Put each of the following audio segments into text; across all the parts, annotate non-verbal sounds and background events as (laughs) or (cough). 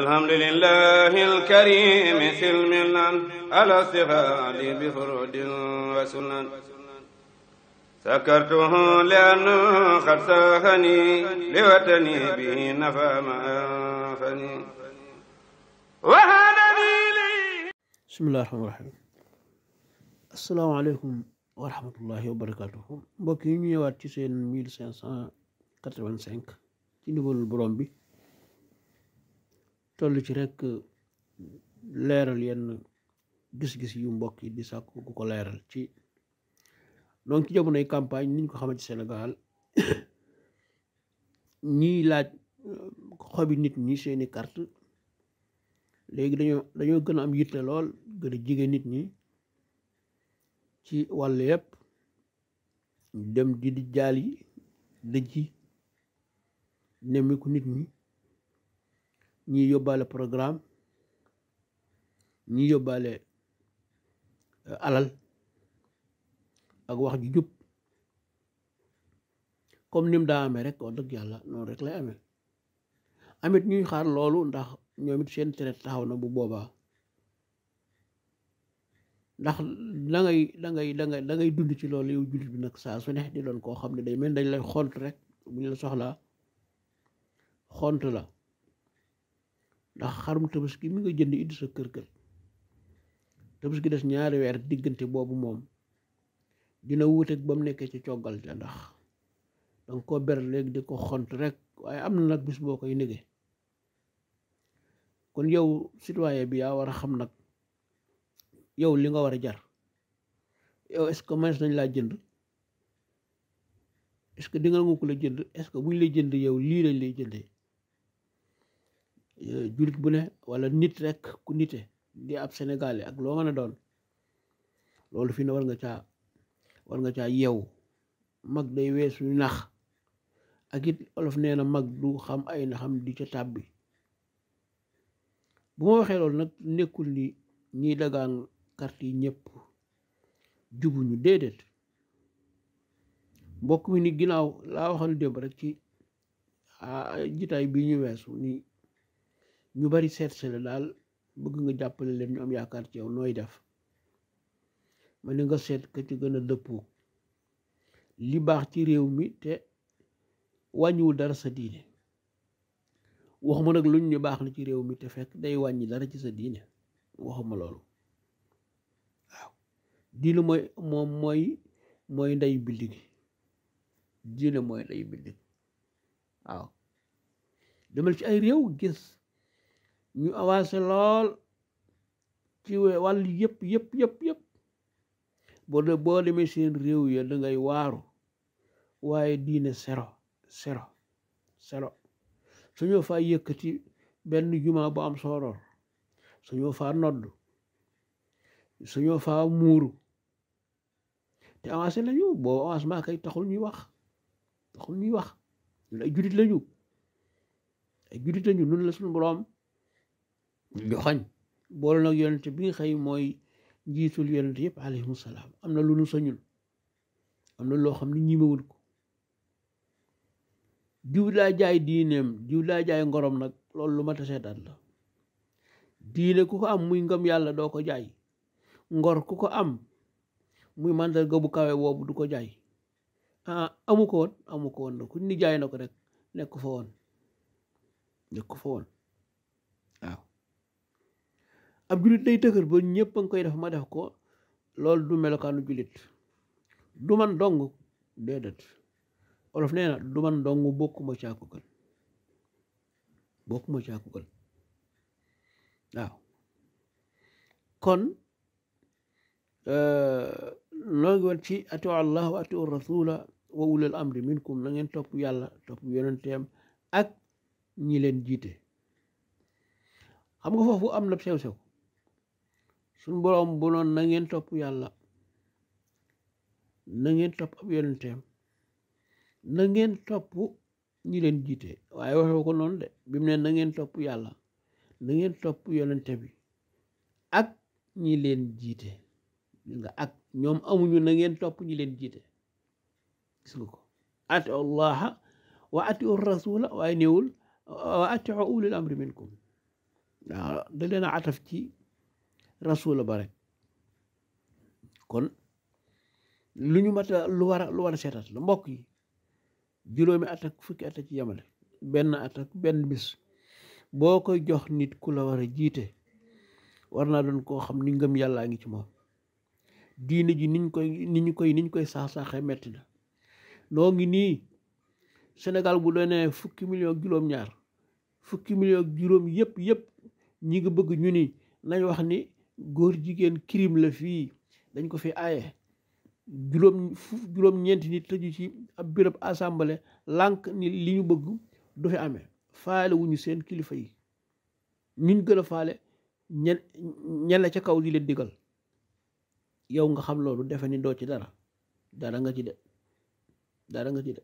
الحمد لله الكريم سلم على استغال بفرود وسنن سكرته لأنه قد ساخني لوطني به نفى ما أنفني وهذا بسم الله الرحمن الرحيم السلام عليكم ورحمة الله وبركاته mbokk yi ñu ñëwaat ci seen 1585 ci ndigalul borom bi toll ci rek leeral yenn gis-gis yu mbokk yi di sàkku ku ko leeral ci donc ci jamonoy campagne niñ ko xamante ci Sénégal (coughs) ñiy laaj xobi nit ñi seeni kart léegi dañoo dañoo gën a am yitte lool gën a jige nit ñi ci wàll yépp dem di di jaal yi dëj yi nemmiku nit ñi ñuy yóbbaale programme ñuy yóbbaale euh, alal ak wax ju jub comme ni mu daa amee rek wax dëgg yàlla noonu rek lay amee amit ñuy xaar loolu ndax ñoom it seen traite taxaw na bu boobaa ndax da dangay da ngay da ci loolu yow jullit bi nag saa su ne di doon koo xam ne day mel dañ lay xont rek bu ñu la soxlaa xont la ndax xarum tabaski mi nga jënd indi sa kër kër ki des ñaari weer diggante boobu moom dina wuuteeg ba mu nekkee ci coggal ca ndax danga ko ber léegi di ko xont rek waaye am na nag bis boo koy négee kon yow citoyen bi yaa war a xam nag yow li nga war a jar yow est-ce que mën nañ laa jënd est-ce que di nga nga ko la jënd est-ce que buñ lay jënd yow lii lañ lay jëndee Euh, jullit bu ne walla nit rek ku nite di ab sénégalais ak loo mën a doon loolu fii na war nga caa war nga caa yeewu mag day weesu nax ak it olof nee na mag du xam ay naxam di ca tàbbi bu ma waxee loolu nag nekkul ni ñiy dagaan carte yi ñëpp jubuñu déedéet mbokk mi ni ginnaaw laa waxoon démb rek ci ah, jitaay bi ñu weesu nii ñu bari seet si daal bëgg nga jàppale leen ñu am yaakaar ci yow nooy def ma ne nga seet ka ci gën a dëppoo li baax ci réew mi te wàññiwul dara sa diine waxuma nag luñ ñu baax na ci réew mi te fekk day wàññi dara ci sa diine waxuma loolu waaw diine mooy moom mooy mooy nday bind gi diine mooy nday bind gi waaw demal ci ay réew gis ñu avancé lool ci wàll yëpp yëpp yëpp yëpp boo de boo demee seen réew ya ngay waaru waaye diine sero sero sero suñoo faa yëkkati benn jumaa bu am sooroor suñoo faa nodd suñoo faa muuru te avancé nañu boo avancement kay taxul ñuy wax taxul ñuy wax ñun ay judit lañu ay judit lañu nun la suñu boroom bi xañ boole nag yonent bi xëy mooy njiitul yonent yëpp alayhimu salaam am na lu nu sañul am na loo xam ne ñimewul ko diw daa jaay diineem diw daa jaay ngorom nag loolu lu mat a seetaat la diine ku ko am muy ngam yàlla doo ko jaay ngor ku ko am muy màndarga bu kawe boobu du ko jaay ah amu ko amu ko woon ni jaay na ko rek nekk fa woon nekk ab jullit day tëkkër ba ñëpp a ngi koy def ma def ko loolu du melokaanu jullit du man dong déedéet olof nee na du man dong bokkuma caaku kan bokkuma caaku kan waaw kon euh, noo ngi woon ci atiu allah wa atiu rasula wa ulil amri minkum na ngeen topp yàlla topp yonenteem ak ñi leen jiite xam nga foofu am na sew-sew suñ boroom bu noon na ngeen topp yàlla na ngeen topp ab yonenteem na ngeen topp ñi leen jiite waaye waxee ko noon de bi mu ne na ngeen topp yàlla nangeen topp yonente bi ak ñi leen jiite nga ak ñoom amuñu na ngeen topp ñi leen jiite gis nga ko atiu llaha wa atiu rasula waaye néewul wa atiu ulil amri minkum waaw da leen a ataf ci rasuula ba rek kon lu ñu mat lu war a lu war a seetaat la mbokk yi juróomi at ak fukki at ci yemale benn at benn bis boo koy jox nit ku la war a jiite war naa doon koo xam ni ngëm yàllaa ngi ci moom diine ji niñ koy niñ koy saax-saaxee metti na noo ngi nii senegal bu doonee fukki million juróom-ñaar fukki million juróom yëpp yëpp ñi ngi bëgg ñu ni nañ wax ni góor jigéen kirim la fii dañ ko fi aaye juróom juróom ñeenti nit tëju ci ab béréb assemblée lànk ni li ñu bëgg du fi amee faale wuñu seen kilifa yi ñuñ gën a faale ñen ñen kaw di leen digal yow nga xam loolu defe ni doo ci dara dara nga ci de dara nga ci de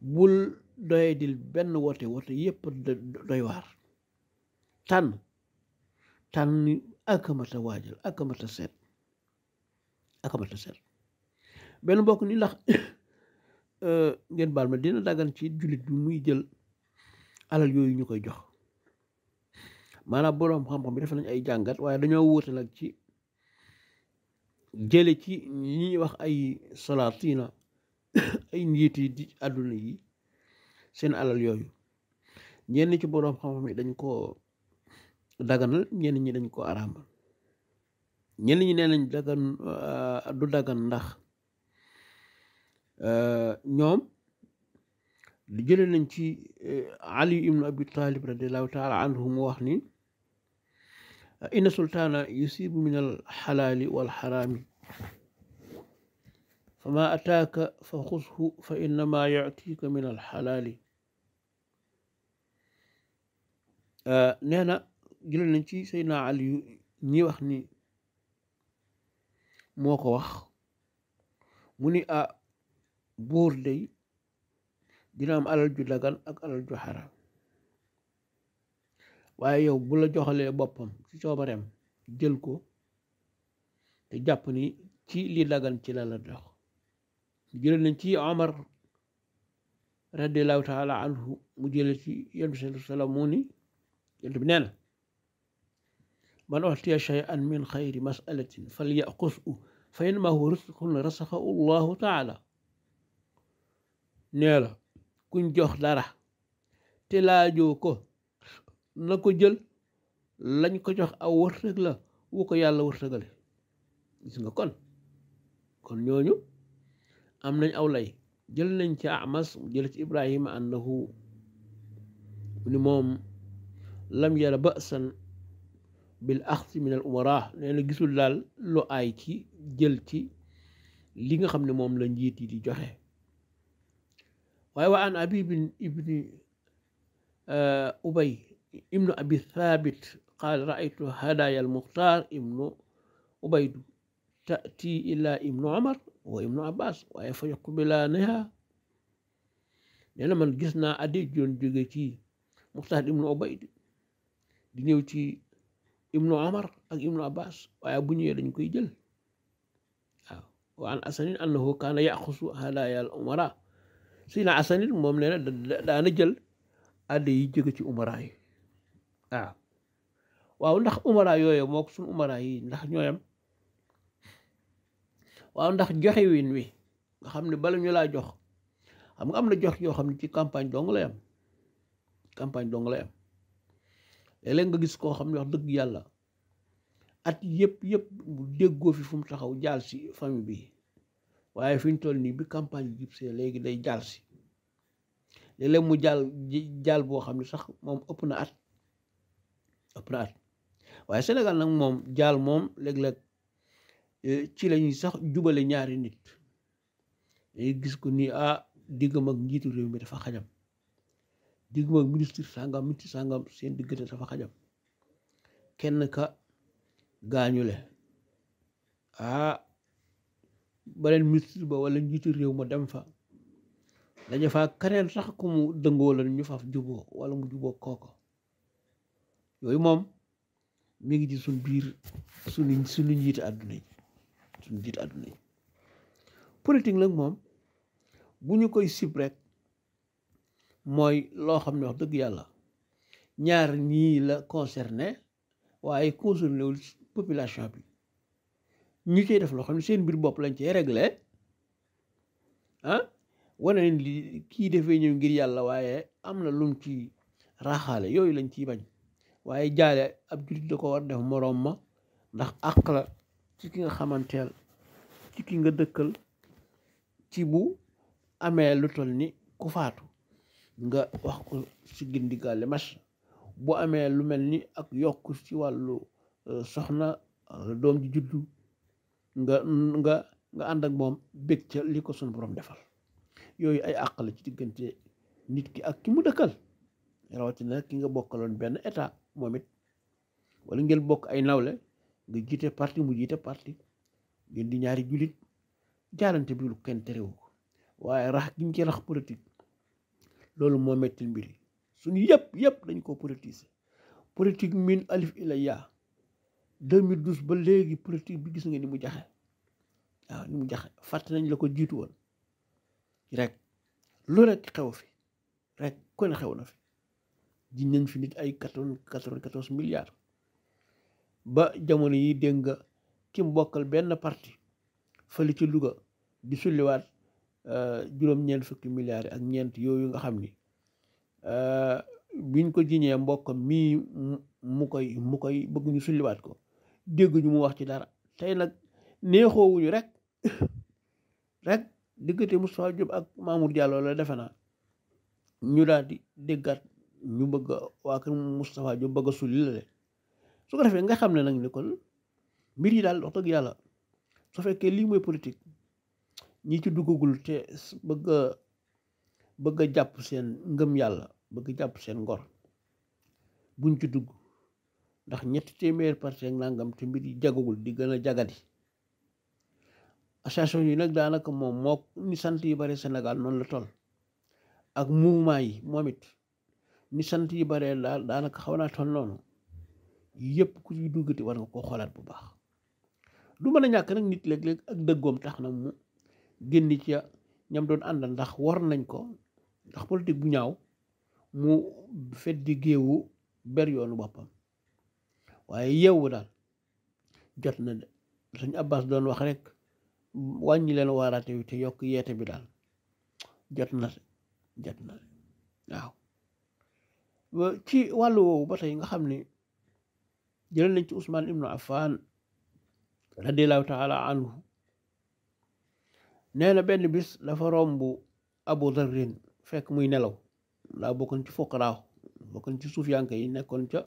bul doye dil benn woote woote yépp doy waar tànn ak mat waajal ak mat a seet ak benn mbokk ni ndax (coughs) euh, ngeen bal ma dina daggan ci jullit bi muy jël alal yooyu ñu koy jox maanaam boroom xam-xam bi def nañ ay jàngat waaye dañoo wuute nag ci jële ci ñi ñuy wax ay salaatina (coughs) ay njiit di àdduna yi seen alal yooyu ñenn ci boroom xam-xam yi dañ ko daganal ñenn ñi dañ ko araamal ñenn ñi nee nañ dagan euh, du dagan ndax euh, ñoom jële nañ ci euh, ali ibnu abi talib radiallahu taala anhu mu wax ni inna sultaana yusibu min al xalaali wal xaraami fama ataaka fa xushu fa innama yutika min al xalaali nee jële nañ ci Seydina Aliyu ñi wax ni moo ko wax mu ni a ah, buur day dina am alal ju dagan ak alal ju xaram waaye yow bula la joxalee boppam ci coobareem jël ko te jàpp ni ci li dagan ci la la dox jële nañ ci Omar radiallahu taala anhu mu jële ci yonent bi sallallahu ni yonent bi nee man uxtiya shay'an min xayri masalatin falyaqusu fa inmahu risqun rasaxahu allahu taala nee la kuñ jox dara te laajoo ko na ko jël lañ ko jox aw wërsëg la wu ko yàlla wërsëgale gis nga kon kon ñooñu am nañ aw lay jël nañ ci amas jël ci ibrahima annahu mu ni moom lam yara ba'san bil axsi min al umaraa nee na gisul daal lu aay ci jël ci li nga xam ne moom la njiit yi di joxe waaye wa an abi bin ibni uh, ubay abi thabit qaal raaytu hadaya al muxtaar ibnu fa yokk bi man gis naa addi joon jóge ci muxtaar ibnu di ñëw ibnu omar ak ibnu abbas waaye bu ñëwee dañ koy jël waaw wa an asanin annahu kaana yaxusu hadaayal umara sina asanin moom nee na daana jël adde yi jóge ci umara yi waaw ndax umara yooyu moo ko suñ umara yi ndax ñooyam waaw ndax joxe win wi nga xam ne bala ñu laa jox xam nga am na jox yoo xam ne ci campagne dong la yam campagne dong la yam léeg nga gis koo xam ne wax dëgg yàlla at yëpp yëpp mu déggoo fi fu mu taxaw jaal si famille bi waaye fi ñu toll nii bi campagne bi léegi day jaal si léeg-léeg mu jaal jaal boo xam ne sax moom ëpp na at ëpp na at waaye Sénégal nag moom jaal moom léeg-léeg eh, ci lañuy sax jubale ñaari nit dañuy gis ko ni ah diggam ak njiitu réew mi dafa xajam digg moom ministre sàngam ministre sàngam seen diggante dafa xajam kenn ka gaañule ah beneen ministre ba wala njiitu réew ma dem fa dañu faa keneen sax ku mu dëngoo ñu faaf juboo wala mu juboo kooko yooyu moom mi ngi ci suñ biir suñu njiit njiiti àdduna yi suñu njiiti àdduna moom bu ñu koy sib rek mooy loo xam ne dëgg yàlla ñaar ñii la concerné waaye concerné wul population bi ñu cey def loo xam ne seen mbir bopp lañ cey réglé ah, wane li kii defee ngir yàlla waaye am na lum ci raxale yooyu lañ ciy bañ waaye jaale ab jullit da ko war def moroom ma ndax àq la ci ki nga xamanteel ki nga dëkkal ci bu amee lu tol ni ku faatu nga wax ko si gindigaale mas bu amee lu mel ni ak yokk ci wàllu euh, soxna doom ji juddu nga nga nga ànd ak moom bég ca li ko sunu borom defal yooyu ay àq la ci diggante nit ki ak ki mu dëkkal rawatina ki nga bokkaloon benn état moom it wala ngeen bokk ay nawle nga jiite parti mu jiite parti ngeen di ñaari jullit jaarante bi lu kenn terewu ko waaye rax gi ñu ci rax politique loolu moo mettil mbir yi suñu yëpp yëpp dañ ko politiser politique min alif ila yaa 2012 ba léegi politique bi gis nga ni mu jaxe waaw ni mu jaxe fàtt nañ la ko jiitu woon rek lu rek xew fi rek kon xew na fi ji nañ fi nit ay quatre-vingt-quatorze milliards ba jamono yi dégg nga ki mbokkal benn parti fële ci Louga di sulliwaat Euh, juróom-ñeent fukki milliards ak ñeent yooyu nga xam ni euh, biñ ko jiñee mbokk mii mu koy mu koy bëgg ñu sulliwaat ko dégg ñu mu wax ci dara tey nag neexoowuñu rek (laughs) rek diggante Moustapha Diop ak Mamour Diallo la defe naa ñu daal di déggaat ñu bëgg waa kër Moustapha Diop bëgg sulli la su ko defee nga xam ne nag ni kon mbir yi daal wax dëgg yàlla su fekkee lii mooy politique ñi ci duggagul te bëgg bëgg jàpp seen ngëm yàlla bëgg jàpp seen ngor buñ ci dugg ndax ñetti téeméer parce que nangam te mbir yi jagagul di gën a jagadi association yi nag daanaka moom moo ni sant yi bare Sénégal noonu la toll ak mouvement yi moom it sant yi bare daal daanaka xaw naa toll noonu yëpp ku ci duggati war nga koo xoolaat bu baax du mën a ñàkk nag nit léeg-léeg ak dëggoom tax na mu génn ca ñam doon ànd ndax war nañ ko ndax politique bu ñaaw mu feddi géewu ber yoonu boppam waaye yeewu daal jot na de suñ abbas doon wax rek wàññi leen waaraate bi te yokk yeete bi daal jot na jot na waaw ci wàllu woowu ba tey nga xam ni jëlee nañ ci Ousmane Ibnu Affan radiallahu taala anhu nee na benn bis dafa romb abu darrin fekk muy nelaw daa bokkoon ci fokkaraaw bokkoon ci suuf yànk yi nekkoon ca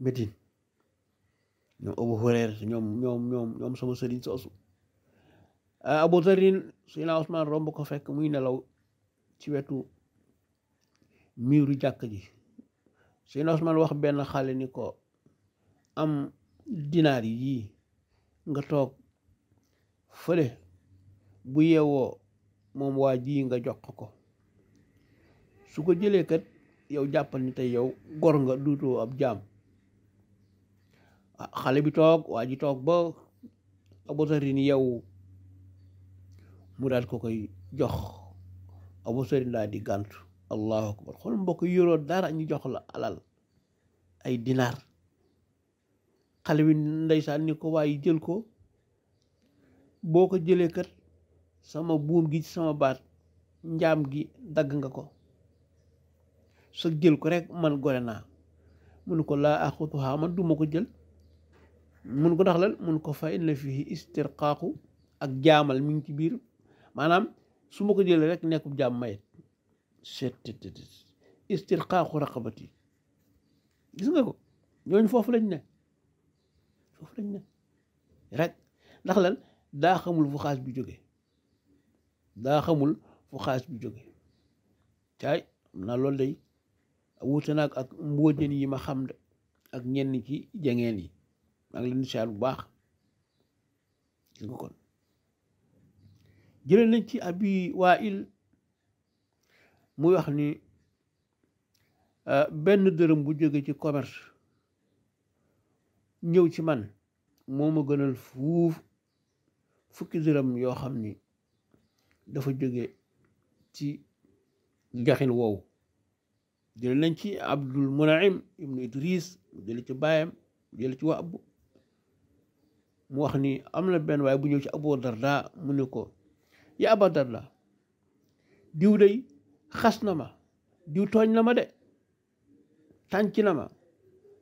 Médine ñoom abu hurayra ñoom ñoom ñoom sama sëriñ soosu ah, abu darrin sina Usmaan romb ko fekk muy nelaw ci wetu miiru jàkk ji sina Usmaan wax benn xale ni ko am dinaar yi nga toog fële bu yewoo moom waa ji nga jox ko su ko jëlee kat yow jàppal ni tey yow gor nga duutoo ab jaam ah, xale bi toog waa ji toog ba abosarin yow mu daal ko koy jox abosarin laa di gàntu allahu akbar xool mbokk yoroo dara ñu jox la alal ay dinaar xale bi ndeysaan ni ko waaye jël ko boo ko jëlee kat sama buum gi ci sama baat njaam gi dagg nga ko sa jël ko rek man gore naa munu ko laa aqutuhaa man duma ko jël mun ko ndax lan mun ko fa inna fii istirqaaqu ak jaamal mi ngi ci biir maanaam su ma ko jëlee rek nekku jaam mayet seet istirqaaqu raqabati gis nga ko ñooñu foofu lañ ne foofu lañ ne rek ndax lan daa xamul fu xaas bi jógee daa xamul fu xaalis bi jóge caay xam naa loolu day wuute naag ak mbóojeen yi ma xam de ak ñenn ci jangeen yi maa ngi leen di siyaar bu baax gis nga kon jëlee nañ ci abi waa'il muy wax ni euh, benn dërëm bu jóge ci commerce ñëw ci man moo ma gënal fuuf fukki dërëm yoo xam ni dafa jóge ci njaxin woowu jële nañ ci abdul munaim ibnu idris mu jële ci baayam mu jële ci waa mu wax ni am na benn waaye bu ñëw ci abu darda mu ne ko ya aba darda diw day xas na ma diw tooñ na ma de tànc na ma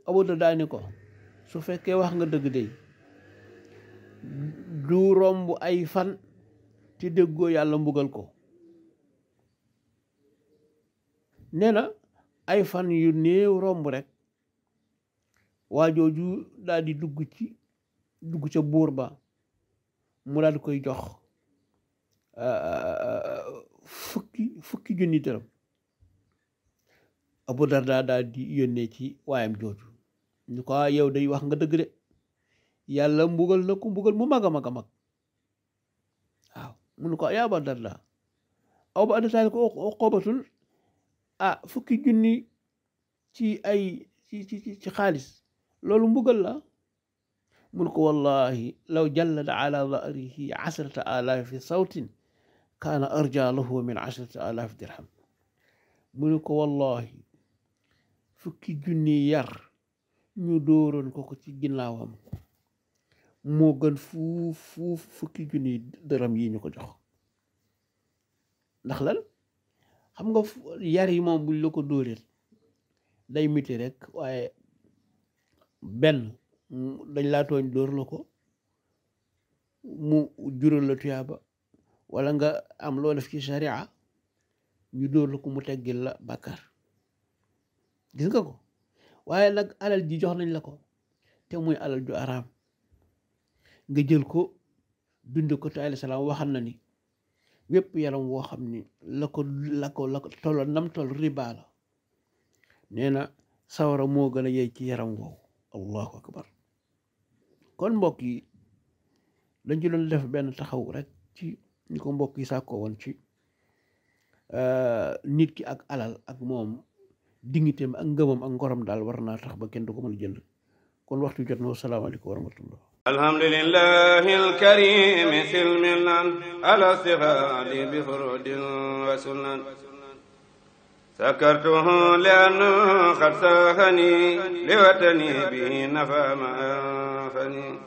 abu darda ni ko su fekkee wax nga dëgg day du romb ay fan te déggoo yàlla mbugal ko nee na ay fan yu néew romb rekk waa jooju daal di dugg ci dugg ca buur ba mu daal koy jox euh, fukki fukki junni dërëm abu darda daal di yónnee ci waayam jooju ñu ko ah, yow day wax nga dëgg de yàlla mbugal na ko mbugal mu mag a mag a mag mun ko yaa Badar aw ba àddasaale ko xoobatul ah fukki junni ci ay ci ci ci xaalis loolu mbugal la mun ko wallahi law jallada ala dharihi asrata alaafi sawtin kaana arja lahu min asrata alaafi dirham mun ko wallahi fukki junni yar ñu dóoroon ko ko ci ginnaawam mu gën fu fuuf fukki junni dërëm yi ñu ko jox ndax lan xam nga yar yi moom buñ la ko dóoreel day miti rek waaye benn dañ laa tooñ dóor la ko mu jural la tuyaaba wala nga am loo def ci sharia ñu dóor la ko mu teggil la bàkkaar gis nga ko waaye nag alal ji jox nañ la ko te muy alal ju araam nga jël ko bind ko te alayhi salaam waxam na ni wépp yaram woo xam ni la ko la ko la ko tollo nam tol riba la nee na sawara moo gën a yey ci yaram woowu allahu akbar kon mbokk yi dañ ci def benn taxaw rek ci ñu ko mbokk yi sàkkoo woon ci euh, nit ki ak alal ak moom dignitéem ak ngëmam ak ngoram daal war naa tax ba kenn du ko mën a jënd kon waxtu jot na wasalaamaaleykum wa rahmatullah alhamdulillahi alkarimi silmilan alastihadi bi furudin wa sunan sakartuhu lianna qad sahani liwatani bihi nafa ma anfani